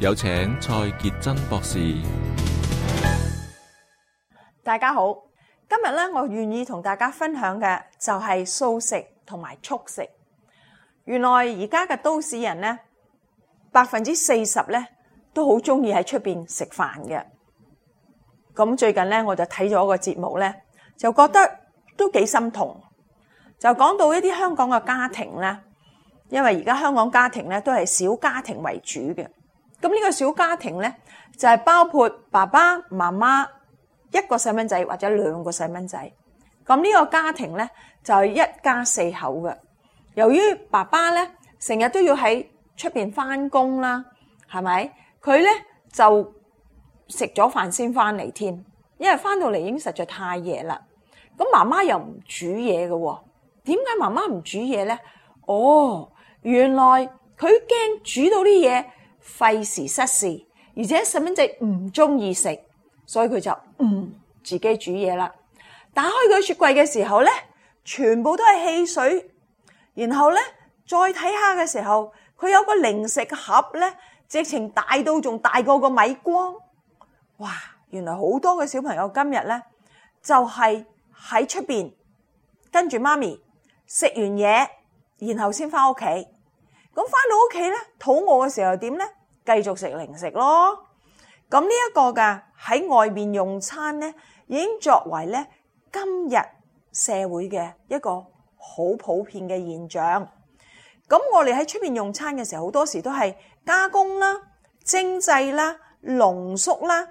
有請蔡杰真博士。大家好，今日咧，我願意同大家分享嘅就係素食同埋速食。原來而家嘅都市人咧，百分之四十咧都好中意喺出邊食飯嘅。咁最近咧，我就睇咗個節目咧，就覺得都幾心痛。就講到一啲香港嘅家庭咧，因為而家香港家庭咧都係小家庭為主嘅。咁呢個小家庭咧，就係包括爸爸媽媽一個細蚊仔或者兩個細蚊仔。咁呢個家庭咧就係一家四口嘅。由於爸爸咧成日都要喺出邊翻工啦，係咪佢咧就食咗飯先翻嚟添？因為翻到嚟已經實在太夜啦。咁媽媽又唔煮嘢嘅喎，點解媽媽唔煮嘢咧？哦，原來佢驚煮到啲嘢。費時失事，而且細蚊仔唔中意食所以佢就唔、嗯、自己煮嘢啦。打開佢雪櫃嘅時候呢，全部都係汽水。然後呢，再睇下嘅時候，佢有個零食盒呢，直情大到仲大過個米缸。哇！原來好多嘅小朋友今日呢，就係喺出邊跟住媽咪食完嘢，然後先返屋企。咁翻到屋企咧，肚餓嘅時候點咧？繼續食零食咯。咁呢一個噶喺外面用餐咧，已經作為咧今日社會嘅一個好普遍嘅現象。咁我哋喺出邊用餐嘅時候，好多時都係加工啦、精製啦、濃縮啦。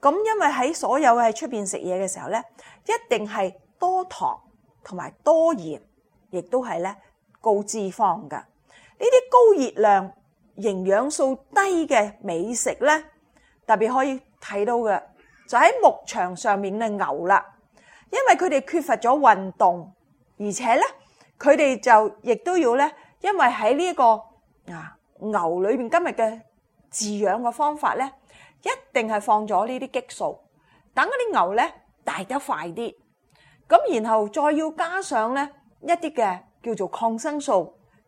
咁因為喺所有喺出邊食嘢嘅時候咧，一定係多糖同埋多鹽，亦都係咧高脂肪㗎。呢啲高熱量、營養素低嘅美食呢，特別可以睇到嘅，就喺牧場上面嘅牛啦。因為佢哋缺乏咗運動，而且呢佢哋就亦都要呢，因為喺呢個啊牛裏面今日嘅飼養嘅方法呢，一定係放咗呢啲激素，等嗰啲牛呢大得快啲。咁然後再要加上呢一啲嘅叫做抗生素。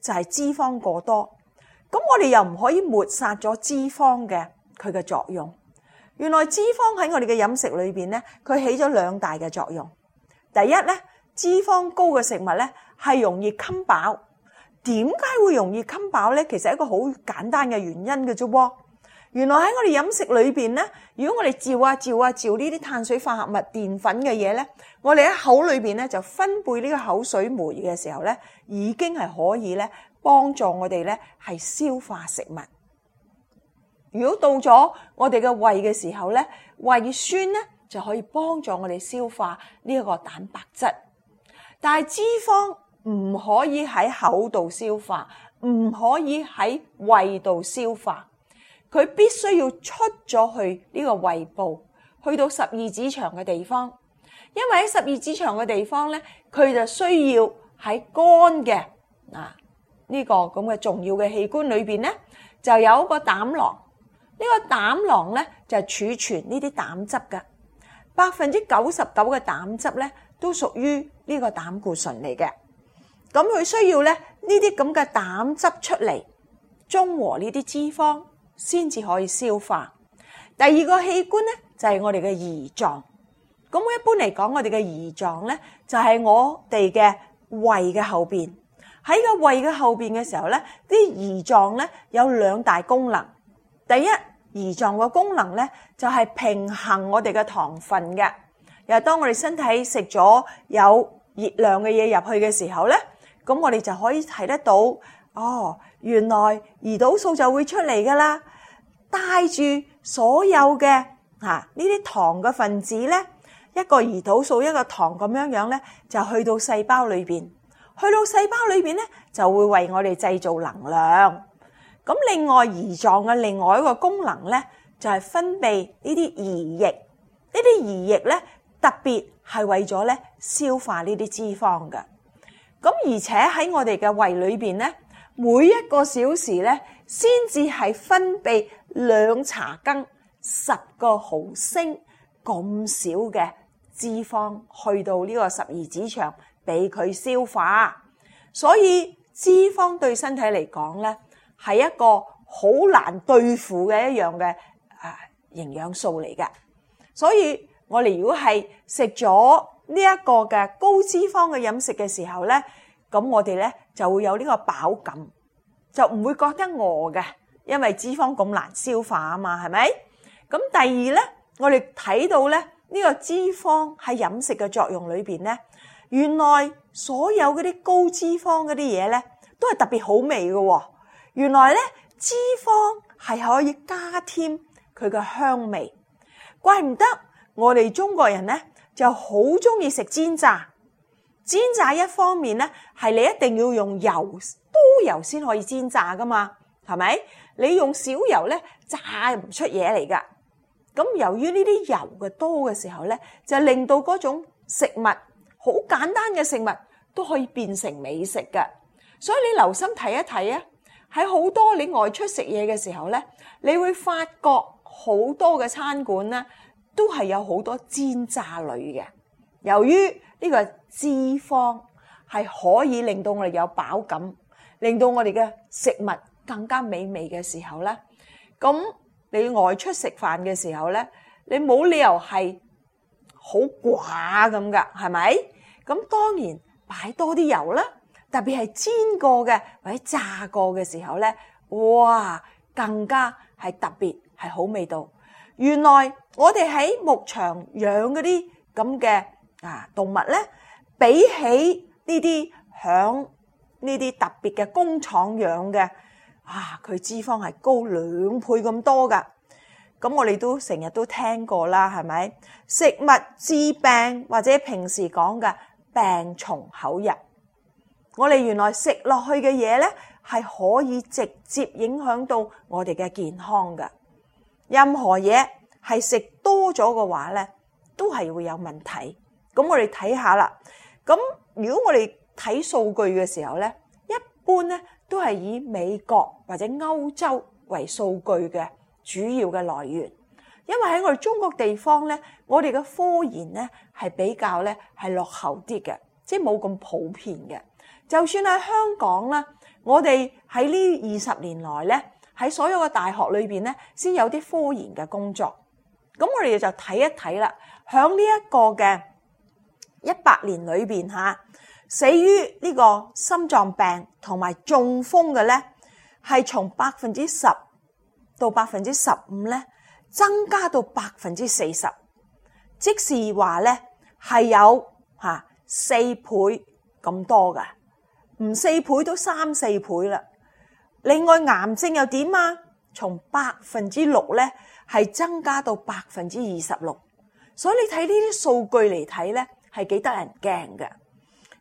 就係脂肪過多，咁我哋又唔可以抹殺咗脂肪嘅佢嘅作用。原來脂肪喺我哋嘅飲食裏邊咧，佢起咗兩大嘅作用。第一咧，脂肪高嘅食物咧係容易冚飽。點解會容易冚飽咧？其實係一個好簡單嘅原因嘅啫噃。原來喺我哋飲食裏邊咧，如果我哋嚼啊嚼啊嚼呢啲碳水化合物、澱粉嘅嘢咧，我哋喺口裏邊咧就分泌呢個口水酶嘅時候咧，已經係可以咧幫助我哋咧係消化食物。如果到咗我哋嘅胃嘅時候咧，胃酸咧就可以幫助我哋消化呢一個蛋白質。但係脂肪唔可以喺口度消化，唔可以喺胃度消化。佢必須要出咗去呢個胃部，去到十二指腸嘅地方，因為喺十二指腸嘅地方咧，佢就需要喺肝嘅嗱呢個咁嘅重要嘅器官裏邊咧，就有個膽囊。呢個膽囊咧就係儲存呢啲膽汁嘅，百分之九十九嘅膽汁咧都屬於呢個膽固醇嚟嘅。咁佢需要咧呢啲咁嘅膽汁出嚟，中和呢啲脂肪。先至可以消化。第二個器官呢，就係我哋嘅胰臟。咁一般嚟講，我哋嘅胰臟呢，就係我哋嘅胃嘅後邊。喺個胃嘅後邊嘅時候呢，啲胰臟呢有兩大功能。第一，胰臟嘅功能呢，就係平衡我哋嘅糖分嘅。又係當我哋身體食咗有熱量嘅嘢入去嘅時候呢，咁我哋就可以睇得到，哦。原來胰島素就會出嚟㗎喇，帶住所有嘅吓呢啲糖嘅分子咧，一個胰島素一個糖咁樣樣咧，就去到細胞裏邊，去到細胞裏邊咧，就會為我哋製造能量。咁另外胰臟嘅另外一個功能咧，就係分泌呢啲胰液，呢啲胰液咧，特別係為咗咧消化呢啲脂肪嘅。咁而且喺我哋嘅胃裏邊咧。每一個小時咧，先至係分泌兩茶匙，十個毫升咁少嘅脂肪去到呢個十二指腸俾佢消化，所以脂肪對身體嚟講咧係一個好難對付嘅一樣嘅啊營養素嚟嘅。所以我哋如果係食咗呢一個嘅高脂肪嘅飲食嘅時候咧。咁我哋咧就會有呢個飽感，就唔會覺得餓嘅，因為脂肪咁難消化啊嘛，係咪？咁第二咧，我哋睇到咧呢個脂肪喺飲食嘅作用裏邊咧，原來所有嗰啲高脂肪嗰啲嘢咧，都係特別好味嘅。原來咧，脂肪係可以加添佢嘅香味，怪唔得我哋中國人咧就好鍾意食煎炸。煎炸一方面咧，係你一定要用油，多油先可以煎炸㗎嘛，係咪？你用少油咧，炸唔出嘢嚟㗎。咁由於呢啲油嘅多嘅時候咧，就令到嗰種食物好簡單嘅食物都可以變成美食㗎。所以你留心睇一睇啊，喺好多你外出食嘢嘅時候咧，你會發覺好多嘅餐館咧，都係有好多煎炸類嘅。由於呢個脂肪係可以令到我哋有飽感，令到我哋嘅食物更加美味嘅時候呢，咁你外出食飯嘅時候呢，你冇理由係好寡咁噶，係咪？咁當然擺多啲油啦，特別係煎過嘅或者炸過嘅時候呢，哇，更加係特別係好味道。原來我哋喺牧場養嗰啲咁嘅。啊！動物咧，比起呢啲喺呢啲特別嘅工廠養嘅，啊，佢脂肪係高兩倍咁多㗎。咁我哋都成日都聽過啦，係咪？食物治病或者平時講嘅病從口入，我哋原來食落去嘅嘢咧，係可以直接影響到我哋嘅健康㗎。任何嘢係食多咗嘅話咧，都係會有問題。咁我哋睇下啦。咁如果我哋睇數據嘅時候咧，一般咧都係以美國或者歐洲為數據嘅主要嘅來源，因為喺我哋中國地方咧，我哋嘅科研咧係比較咧係落後啲嘅，即係冇咁普遍嘅。就算喺香港啦，我哋喺呢二十年來咧，喺所有嘅大學裏面咧先有啲科研嘅工作。咁我哋就睇一睇啦，響呢一個嘅。一百年裏邊吓，死於呢個心臟病同埋中風嘅咧，係從百分之十到百分之十五咧，增加到百分之四十，即是話咧係有吓四倍咁多噶唔四倍都三四倍啦。另外癌症又點啊從百分之六咧係增加到百分之二十六，所以你睇呢啲數據嚟睇咧。係幾得人驚嘅，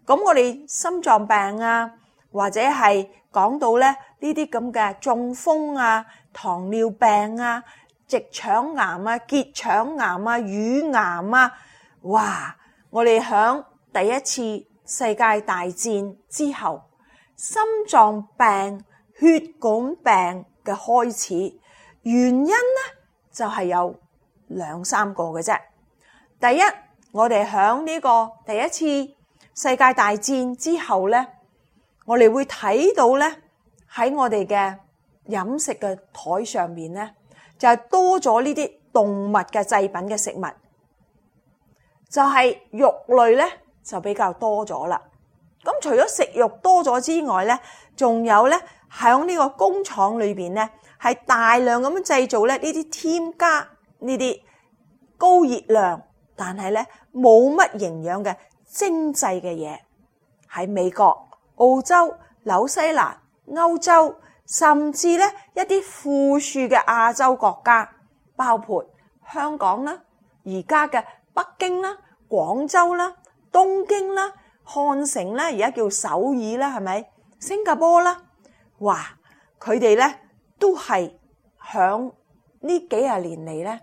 咁我哋心臟病啊，或者係講到咧呢啲咁嘅中風啊、糖尿病啊、直腸癌啊、結腸癌啊、乳癌啊，哇！我哋響第一次世界大戰之後，心臟病、血管病嘅開始原因咧，就係有兩三個嘅啫，第一。我哋喺呢個第一次世界大戰之後咧，我哋會睇到咧喺我哋嘅飲食嘅台上面咧，就係多咗呢啲動物嘅製品嘅食物，就係肉類咧就比較多咗啦。咁除咗食肉多咗之外咧，仲有咧喺呢個工廠裏邊咧，係大量咁樣製造咧呢啲添加呢啲高熱量。但係咧，冇乜營養嘅精製嘅嘢喺美國、澳洲、紐西蘭、歐洲，甚至咧一啲富庶嘅亞洲國家，包括香港啦、而家嘅北京啦、廣州啦、東京啦、漢城啦，而家叫首爾啦，係咪新加坡啦？哇！佢哋咧都係響呢幾廿年嚟咧，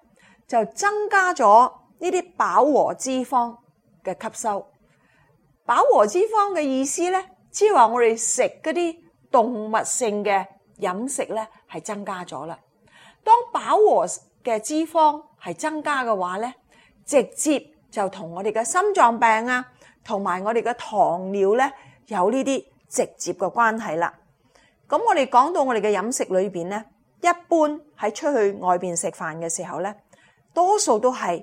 就增加咗。呢啲飽和脂肪嘅吸收，飽和脂肪嘅意思咧，即係話我哋食嗰啲動物性嘅飲食咧，係增加咗啦。當飽和嘅脂肪係增加嘅話咧，直接就同我哋嘅心臟病啊，同埋我哋嘅糖尿咧，有呢啲直接嘅關係啦。咁我哋講到我哋嘅飲食裏邊咧，一般喺出去外邊食飯嘅時候咧，多數都係。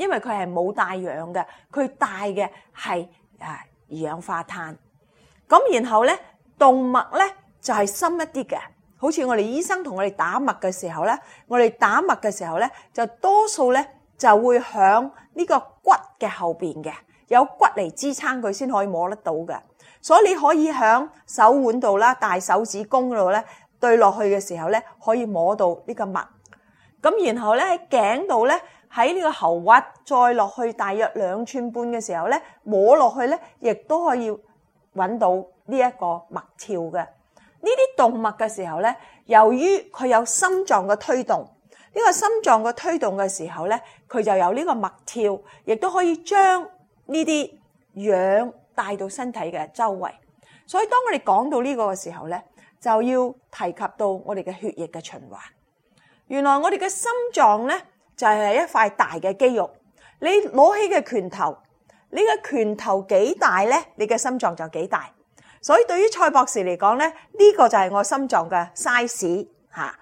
因為佢係冇帶氧嘅，佢帶嘅係誒二氧化碳。咁然後咧，動脈咧就係深一啲嘅，好似我哋醫生同我哋打脈嘅時候咧，我哋打脈嘅時候咧，就多數咧就會響呢個骨嘅後邊嘅，有骨嚟支撐佢先可以摸得到嘅。所以你可以響手腕度啦，大手指公嗰度咧對落去嘅時候咧，可以摸到呢個脈。咁然後咧喺頸度咧。喺呢個喉核再落去大約兩寸半嘅時候咧，摸落去咧，亦都可以揾到呢一個脈跳嘅。呢啲動脈嘅時候咧，由於佢有心臟嘅推動，呢個心臟嘅推動嘅時候咧，佢就有呢個脈跳，亦都可以將呢啲氧帶到身體嘅周圍。所以當我哋講到呢個嘅時候咧，就要提及到我哋嘅血液嘅循環。原來我哋嘅心臟咧。就係一塊大嘅肌肉，你攞起嘅拳頭，你嘅拳頭幾大咧？你嘅心臟就幾大。所以對於蔡博士嚟講咧，呢個就係我心臟嘅 size 吓。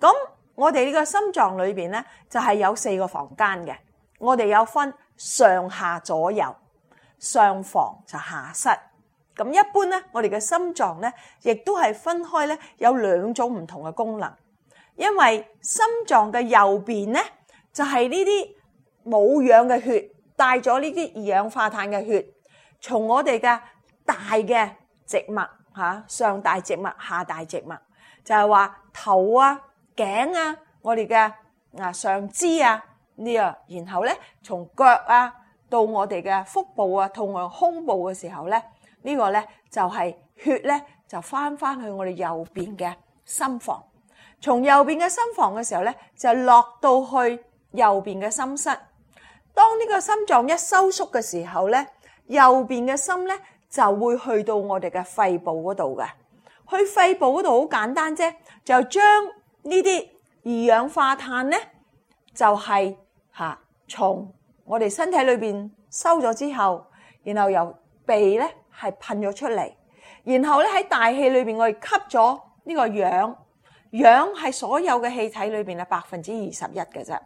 咁我哋呢個心臟裏邊咧，就係有四個房間嘅。我哋有分上下左右，上房就下室。咁一般咧，我哋嘅心臟咧，亦都係分開咧有兩種唔同嘅功能，因為心臟嘅右邊咧。就係呢啲冇氧嘅血帶咗呢啲二氧化碳嘅血，從我哋嘅大嘅植物吓，上大植物下大植物，就係話頭啊頸啊我哋嘅啊上肢啊呢啊，然後咧從腳啊到我哋嘅腹部啊同埋胸部嘅時候咧，呢個咧就係血咧就翻翻去我哋右邊嘅心房，從右邊嘅心房嘅時候咧就落到去。右邊嘅心室，當呢個心臟一收縮嘅時候呢，右邊嘅心呢就會去到我哋嘅肺部嗰度嘅。去肺部嗰度好簡單啫，就將呢啲二氧化碳呢，就係嚇從我哋身體裏面收咗之後，然後由鼻呢係噴咗出嚟，然後呢喺大氣裏面，我哋吸咗呢個氧，氧係所有嘅氣體裏面嘅百分之二十一嘅啫。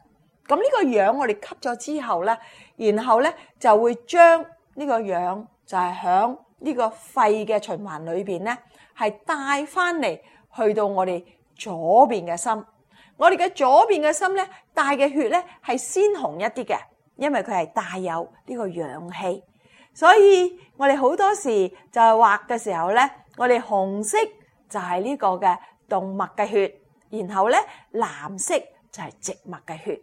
咁呢個氧，我哋吸咗之後咧，然後咧就會將呢個氧就係響呢個肺嘅循環裏邊咧，係帶翻嚟去到我哋左邊嘅心。我哋嘅左邊嘅心咧帶嘅血咧係鮮紅一啲嘅，因為佢係帶有呢個氧氣。所以我哋好多時就係畫嘅時候咧，我哋紅色就係呢個嘅動脈嘅血，然後咧藍色就係植物嘅血。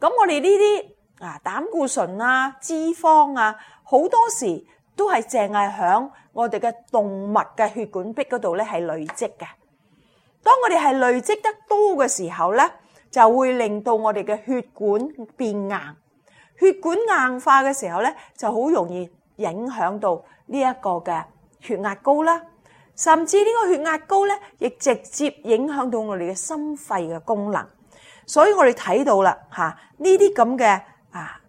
咁我哋呢啲啊膽固醇啊脂肪啊好多時都係淨係響我哋嘅動脈嘅血管壁嗰度咧係累積嘅。當我哋係累積得多嘅時候咧，就會令到我哋嘅血管變硬。血管硬化嘅時候咧，就好容易影響到呢一個嘅血壓高啦。甚至呢個血壓高咧，亦直接影響到我哋嘅心肺嘅功能。所以我哋睇到啦，吓呢啲咁嘅啊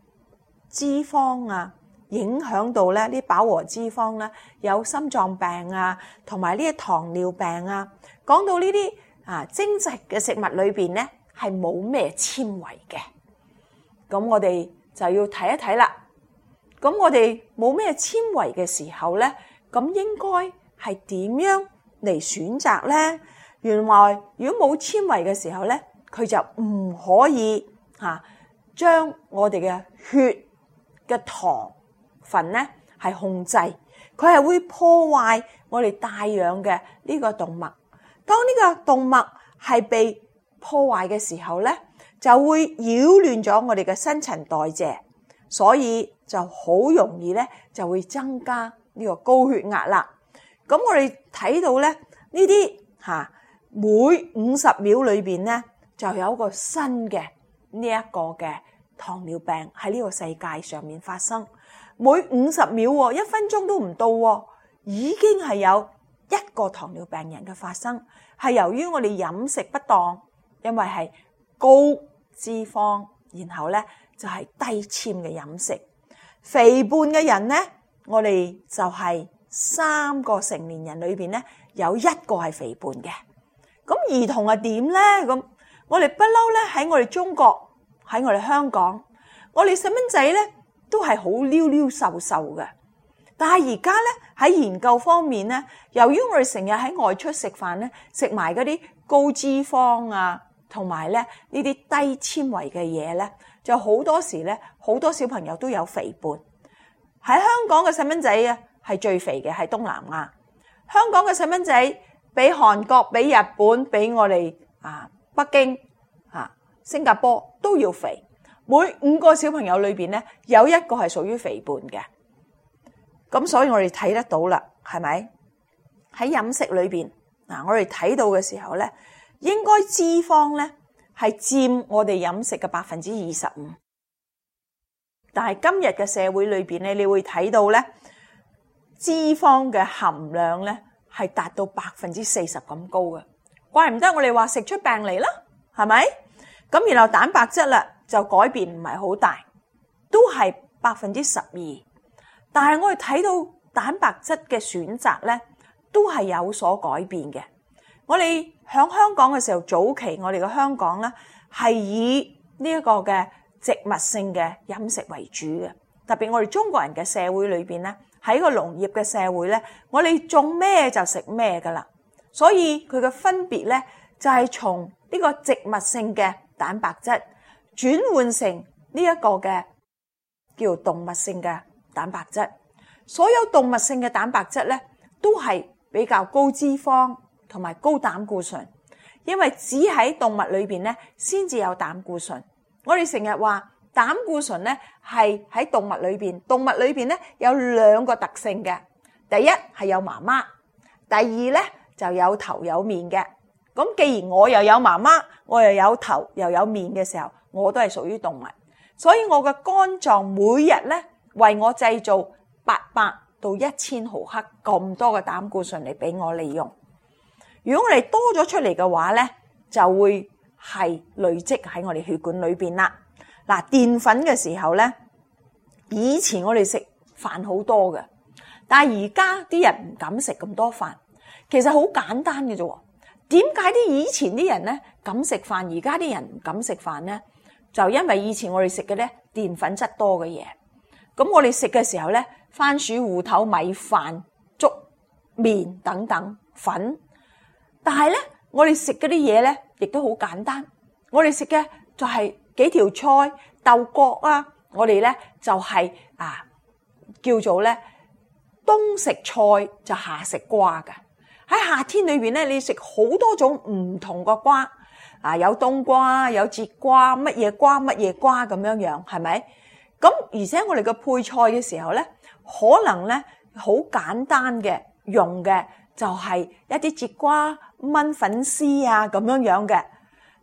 脂肪啊，影響到咧啲飽和脂肪咧，有心臟病啊，同埋呢啲糖尿病啊。講到呢啲啊精製嘅食物裏邊咧，係冇咩纖維嘅。咁我哋就要睇一睇啦。咁我哋冇咩纖維嘅時候咧，咁應該係點樣嚟選擇咧？原來如果冇纖維嘅時候咧，佢就唔可以嚇將我哋嘅血嘅糖份呢係控制，佢係會破壞我哋帶氧嘅呢個動物。當呢個動物係被破壞嘅時候呢，就會擾亂咗我哋嘅新陳代謝，所以就好容易呢就會增加呢個高血壓啦。咁我哋睇到咧呢啲嚇每五十秒裏邊呢。這些每50秒裏面呢就有一個新嘅呢一個嘅糖尿病喺呢個世界上面發生，每五十秒，一分鐘都唔到，已經係有一個糖尿病人嘅發生，係由於我哋飲食不當，因為係高脂肪，然後呢就係低纖嘅飲食，肥胖嘅人呢，我哋就係三個成年人裏面呢有一個係肥胖嘅，咁兒童係點呢？咁我哋不嬲咧，喺我哋中國，喺我哋香港，我哋細蚊仔咧都係好溜溜瘦瘦嘅。但係而家咧喺研究方面咧，由於我哋成日喺外出食飯咧，食埋嗰啲高脂肪啊，同埋咧呢啲低纖維嘅嘢咧，就好多時咧好多小朋友都有肥胖。喺香港嘅細蚊仔啊，係最肥嘅。喺東南亞。香港嘅細蚊仔比韓國，比日本，比我哋啊。北京、啊、新加坡都要肥，每五個小朋友裏邊咧，有一個係屬於肥胖嘅。咁所以我哋睇得到啦，係咪？喺飲食裏邊，嗱、啊、我哋睇到嘅時候咧，應該脂肪咧係佔我哋飲食嘅百分之二十五。但係今日嘅社會裏邊咧，你會睇到咧，脂肪嘅含量咧係達到百分之四十咁高嘅。怪唔得我哋話食出病嚟啦，係咪？咁然後蛋白質啦，就改變唔係好大，都係百分之十二。但係我哋睇到蛋白質嘅選擇咧，都係有所改變嘅。我哋響香港嘅時候，早期我哋嘅香港咧係以呢一個嘅植物性嘅飲食為主嘅，特別我哋中國人嘅社會裏邊咧，喺個農業嘅社會咧，我哋種咩就食咩噶啦。所以佢嘅分別咧，就係從呢個植物性嘅蛋白質轉換成呢一個嘅叫動物性嘅蛋白質。所有動物性嘅蛋白質咧，都係比較高脂肪同埋高膽固醇，因為只喺動物裏邊咧先至有膽固醇。我哋成日話膽固醇咧係喺動物裏邊，動物裏邊咧有兩個特性嘅，第一係有媽媽，第二咧，就有頭有面嘅咁，既然我又有媽媽，我又有頭又有面嘅時候，我都係屬於動物，所以我嘅肝臟每日咧為我製造八百到一千毫克咁多嘅膽固醇嚟俾我利用。如果我哋多咗出嚟嘅話咧，就會係累積喺我哋血管裏面啦。嗱，澱粉嘅時候咧，以前我哋食飯好多嘅，但係而家啲人唔敢食咁多飯。其實好簡單嘅啫，點解啲以前啲人咧敢食飯，而家啲人唔敢食飯咧？就因為以前我哋食嘅咧澱粉質多嘅嘢，咁我哋食嘅時候咧番薯、芋頭、米飯、粥、麵等等粉，但係咧我哋食嗰啲嘢咧亦都好簡單，我哋食嘅就係幾條菜豆角、就係、啊。我哋咧就係啊叫做咧冬食菜就夏食瓜㗎。喺夏天裏邊咧，你食好多種唔同嘅瓜，啊有冬瓜、有節瓜，乜嘢瓜乜嘢瓜咁樣樣，係咪？咁而且我哋嘅配菜嘅時候咧，可能咧好簡單嘅用嘅就係一啲節瓜炆粉絲啊咁樣樣嘅，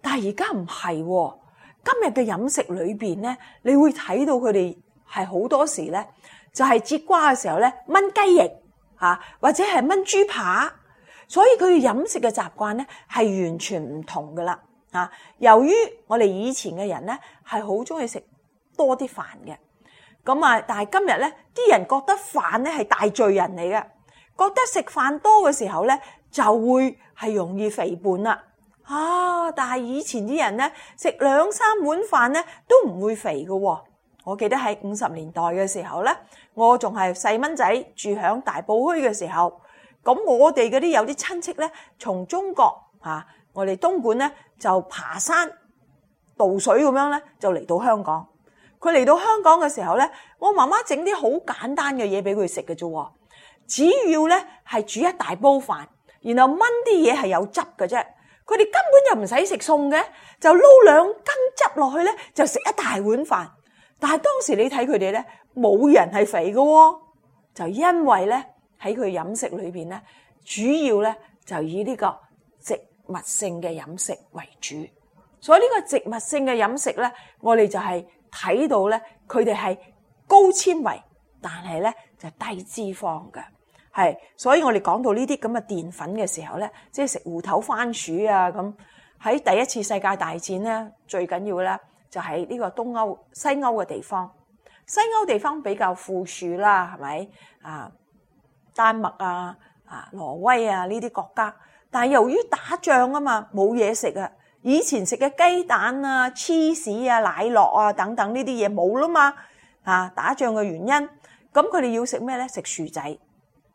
但係而家唔係，今日嘅飲食裏邊咧，你會睇到佢哋係好多時咧，就係節瓜嘅時候咧炆雞翼啊，或者係炆豬扒。所以佢要飲食嘅習慣咧，係完全唔同噶啦嚇。由於我哋以前嘅人咧，係好中意食多啲飯嘅，咁啊，但係今日咧，啲人覺得飯咧係大罪人嚟嘅，覺得食飯多嘅時候咧，就會係容易肥胖啦。啊！但係以前啲人咧，食兩三碗飯咧，都唔會肥嘅。我記得喺五十年代嘅時候咧，我仲係細蚊仔住喺大埔墟嘅時候。咁我哋嗰啲有啲親戚咧，從中國嚇，我哋東莞咧就爬山渡水咁樣咧，就嚟到香港。佢嚟到香港嘅時候咧，我媽媽整啲好簡單嘅嘢俾佢食嘅啫。只要咧係煮一大煲飯，然後炆啲嘢係有汁嘅啫。佢哋根本就唔使食餸嘅，就撈兩羹汁落去咧，就食一大碗飯。但係當時你睇佢哋咧，冇人係肥嘅喎，就因為咧。喺佢飲食裏面咧，主要咧就以呢個植物性嘅飲食為主。所以呢個植物性嘅飲食咧，我哋就係睇到咧，佢哋係高纖維，但係咧就低脂肪嘅。係，所以我哋講到呢啲咁嘅澱粉嘅時候咧，即係食芋頭、番薯啊咁。喺第一次世界大戰咧，最緊要咧就喺呢個東歐、西歐嘅地方。西歐地方比較富庶啦，係咪啊？丹麥啊、啊挪威啊呢啲國家，但係由於打仗啊嘛，冇嘢食啊，以前食嘅雞蛋啊、芝士啊、奶酪啊等等呢啲嘢冇啦嘛，啊打仗嘅原因，咁佢哋要食咩咧？食薯仔，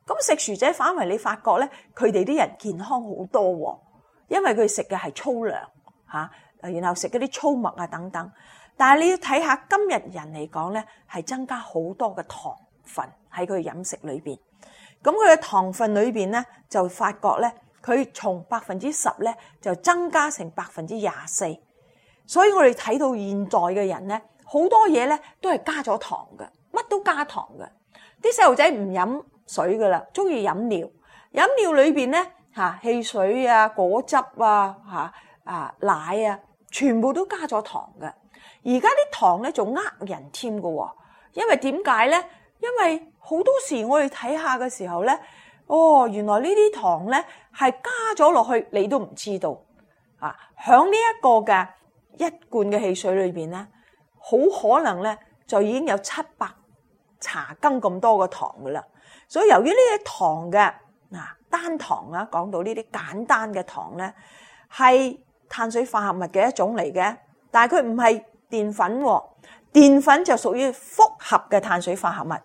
咁食薯仔反為你發覺咧，佢哋啲人健康好多，啊，因為佢食嘅係粗糧嚇，啊，然後食嗰啲粗麥啊等等，但係你要睇下今日人嚟講咧，係增加好多嘅糖分喺佢飲食裏邊。咁佢嘅糖分裏面咧，就發覺咧，佢從百分之十咧，就增加成百分之廿四。所以我哋睇到現在嘅人咧，好多嘢咧都係加咗糖嘅，乜都加糖嘅。啲細路仔唔飲水㗎喇，中意飲料。飲料裏面咧，汽水啊、果汁啊、啊奶啊，全部都加咗糖嘅。而家啲糖咧仲呃人添喎，因為點解咧？因為好多時我哋睇下嘅時候咧，哦，原來呢啲糖咧係加咗落去，你都唔知道啊！喺呢一個嘅一罐嘅汽水裏邊咧，好可能咧就已經有七百茶羹咁多個糖噶啦。所以由於呢啲糖嘅嗱單糖啊，講到呢啲簡單嘅糖咧，係碳水化合物嘅一種嚟嘅，但佢唔係澱粉喎，澱粉就屬於複合嘅碳水化合物。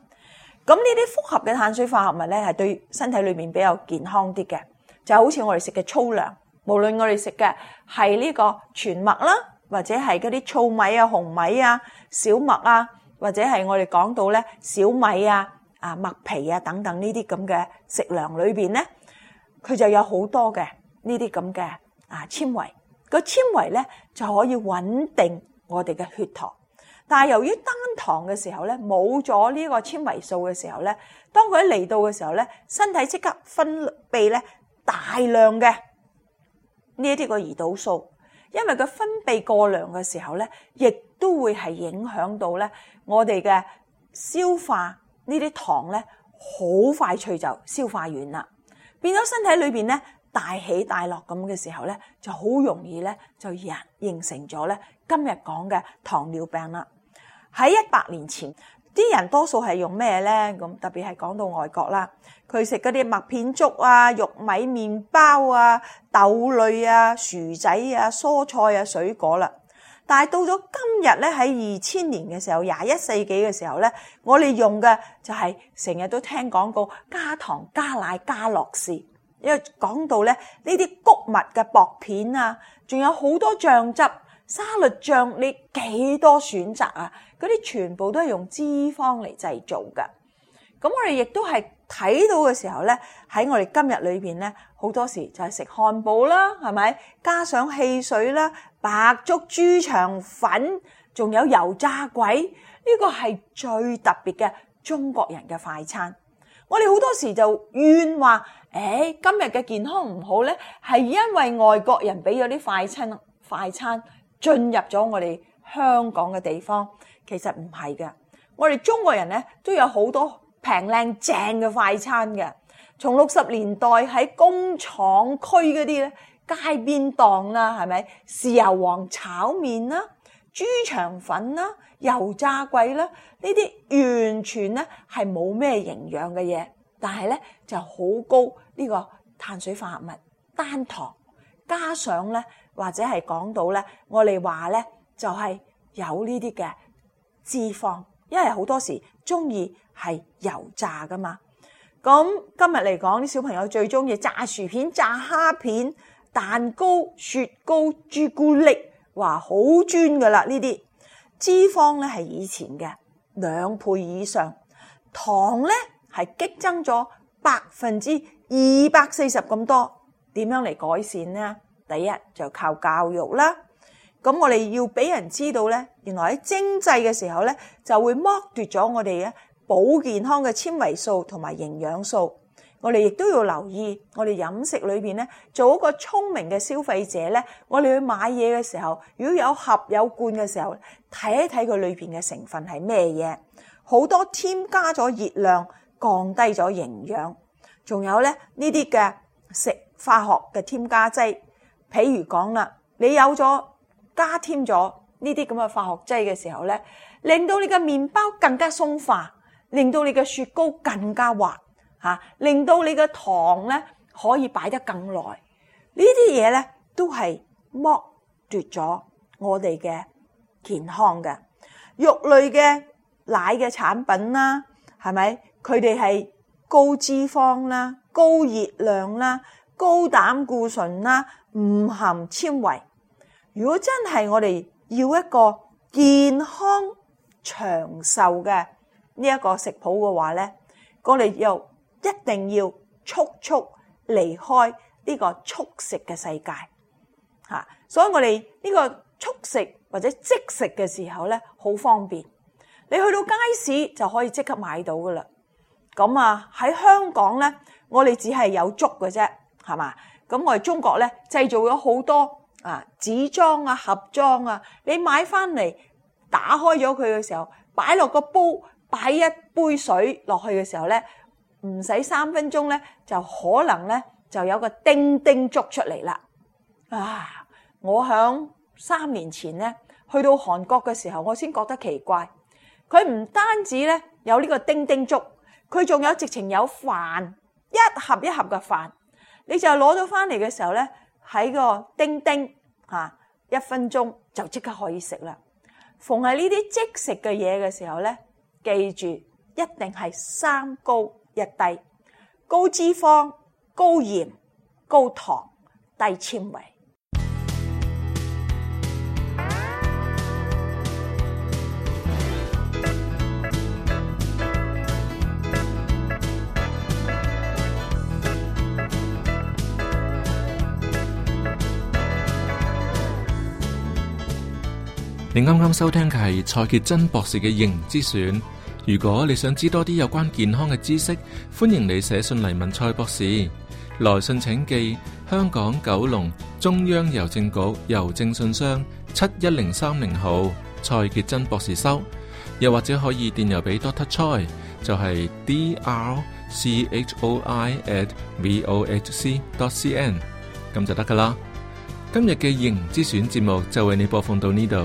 咁呢啲複合嘅碳水化合物咧，係對身體裏面比較健康啲嘅，就好似我哋食嘅粗糧，無論我哋食嘅係呢個全麥啦，或者係嗰啲糙米啊、紅米啊、小麥啊，或者係我哋講到咧小米啊、啊麥皮啊等等呢啲咁嘅食糧裏邊咧，佢就有好多嘅呢啲咁嘅啊纖維，個纖維咧就可以穩定我哋嘅血糖。但係由於單糖嘅時候咧，冇咗呢個纖維素嘅時候咧，當佢一嚟到嘅時候咧，身體即刻分泌咧大量嘅呢一啲個胰島素，因為佢分泌過量嘅時候咧，亦都會係影響到咧我哋嘅消化呢啲糖咧，好快脆就消化完啦，變咗身體裏面咧大起大落咁嘅時候咧，就好容易咧就形形成咗咧今日講嘅糖尿病啦。喺一百年前，啲人多數係用咩咧？咁特別係講到外國啦，佢食嗰啲麥片粥啊、玉米麵包啊、豆類啊、薯仔啊、蔬菜啊、水果啦。但係到咗今日咧，喺二千年嘅時候，廿一世紀嘅時候咧，我哋用嘅就係成日都聽講過「加糖、加奶、加樂士」。因為講到咧呢啲谷物嘅薄片啊，仲有好多醬汁。沙律醬你幾多選擇啊？嗰啲全部都係用脂肪嚟製造㗎。咁我哋亦都係睇到嘅時候咧，喺我哋今日裏邊咧，好多時就係食漢堡啦，係咪？加上汽水啦，白粥、豬腸粉，仲有油炸鬼，呢個係最特別嘅中國人嘅快餐。我哋好多時就怨話：誒，今日嘅健康唔好咧，係因為外國人俾咗啲快餐，快餐。進入咗我哋香港嘅地方，其實唔係嘅。我哋中國人呢，都有好多平靚正嘅快餐嘅。從六十年代喺工廠區嗰啲呢，街邊檔啦，係咪豉油王炒麵啦、豬腸粉啦、油炸鬼啦？呢啲完全呢係冇咩營養嘅嘢，但係呢，就好高呢個碳水化合物單糖，加上呢。或者係講到呢，我哋話呢就係有呢啲嘅脂肪，因為好多時鍾意係油炸㗎嘛。咁今日嚟講，啲小朋友最鍾意炸薯片、炸蝦片、蛋糕、雪糕、朱古力，哇！好專㗎喇。呢啲脂肪呢係以前嘅兩倍以上，糖呢係激增咗百分之二百四十咁多。點樣嚟改善呢？第一就靠教育啦。咁我哋要俾人知道咧，原來喺精製嘅時候咧，就會剝奪咗我哋嘅保健康嘅纖維素同埋營養素。我哋亦都要留意，我哋飲食裏面咧做一個聰明嘅消費者咧。我哋去買嘢嘅時候，如果有盒有罐嘅時候，睇一睇佢裏面嘅成分係咩嘢，好多添加咗熱量，降低咗營養，仲有咧呢啲嘅食化學嘅添加劑。譬如講啦，你有咗加添咗呢啲咁嘅化學劑嘅時候咧，令到你嘅麵包更加鬆化，令到你嘅雪糕更加滑嚇，令到你嘅糖咧可以擺得更耐。呢啲嘢咧都係剝奪咗我哋嘅健康嘅。肉類嘅、奶嘅產品啦，係咪佢哋係高脂肪啦、高熱量啦？高膽固醇啦，唔含纖維。如果真係我哋要一個健康長壽嘅呢一個食譜嘅話咧，我哋又一定要速速離開呢個速食嘅世界吓。所以我哋呢個速食或者即食嘅時候咧，好方便。你去到街市就可以即刻買到㗎喇。咁啊喺香港咧，我哋只係有粥嘅啫。係嘛？咁我哋中國咧製造咗好多啊紙裝啊盒裝啊，你買翻嚟打開咗佢嘅時候，擺落個煲，擺一杯水落去嘅時候咧，唔使三分鐘咧，就可能咧就有個叮叮粥出嚟啦！啊，我響三年前咧去到韓國嘅時候，我先覺得奇怪，佢唔單止咧有呢個叮叮粥，佢仲有直情有飯一盒一盒嘅飯。你就攞到翻嚟嘅時候咧，喺個叮叮嚇一分鐘就即刻可以食啦。逢係呢啲即食嘅嘢嘅時候咧，記住一定係三高一低，高脂肪、高鹽、高糖、低纖維。你啱啱收聽嘅係蔡杰真博士嘅營之選。如果你想知多啲有關健康嘅知識，歡迎你寫信嚟問蔡博士。來信請寄香港九龍中央郵政局郵政信箱七一零三零號蔡杰真博士收。又或者可以電郵俾 Dr. Choi，就係 d r c h o i at v o h c dot c n，咁就得噶啦。今日嘅營之選節目就為你播放到呢度。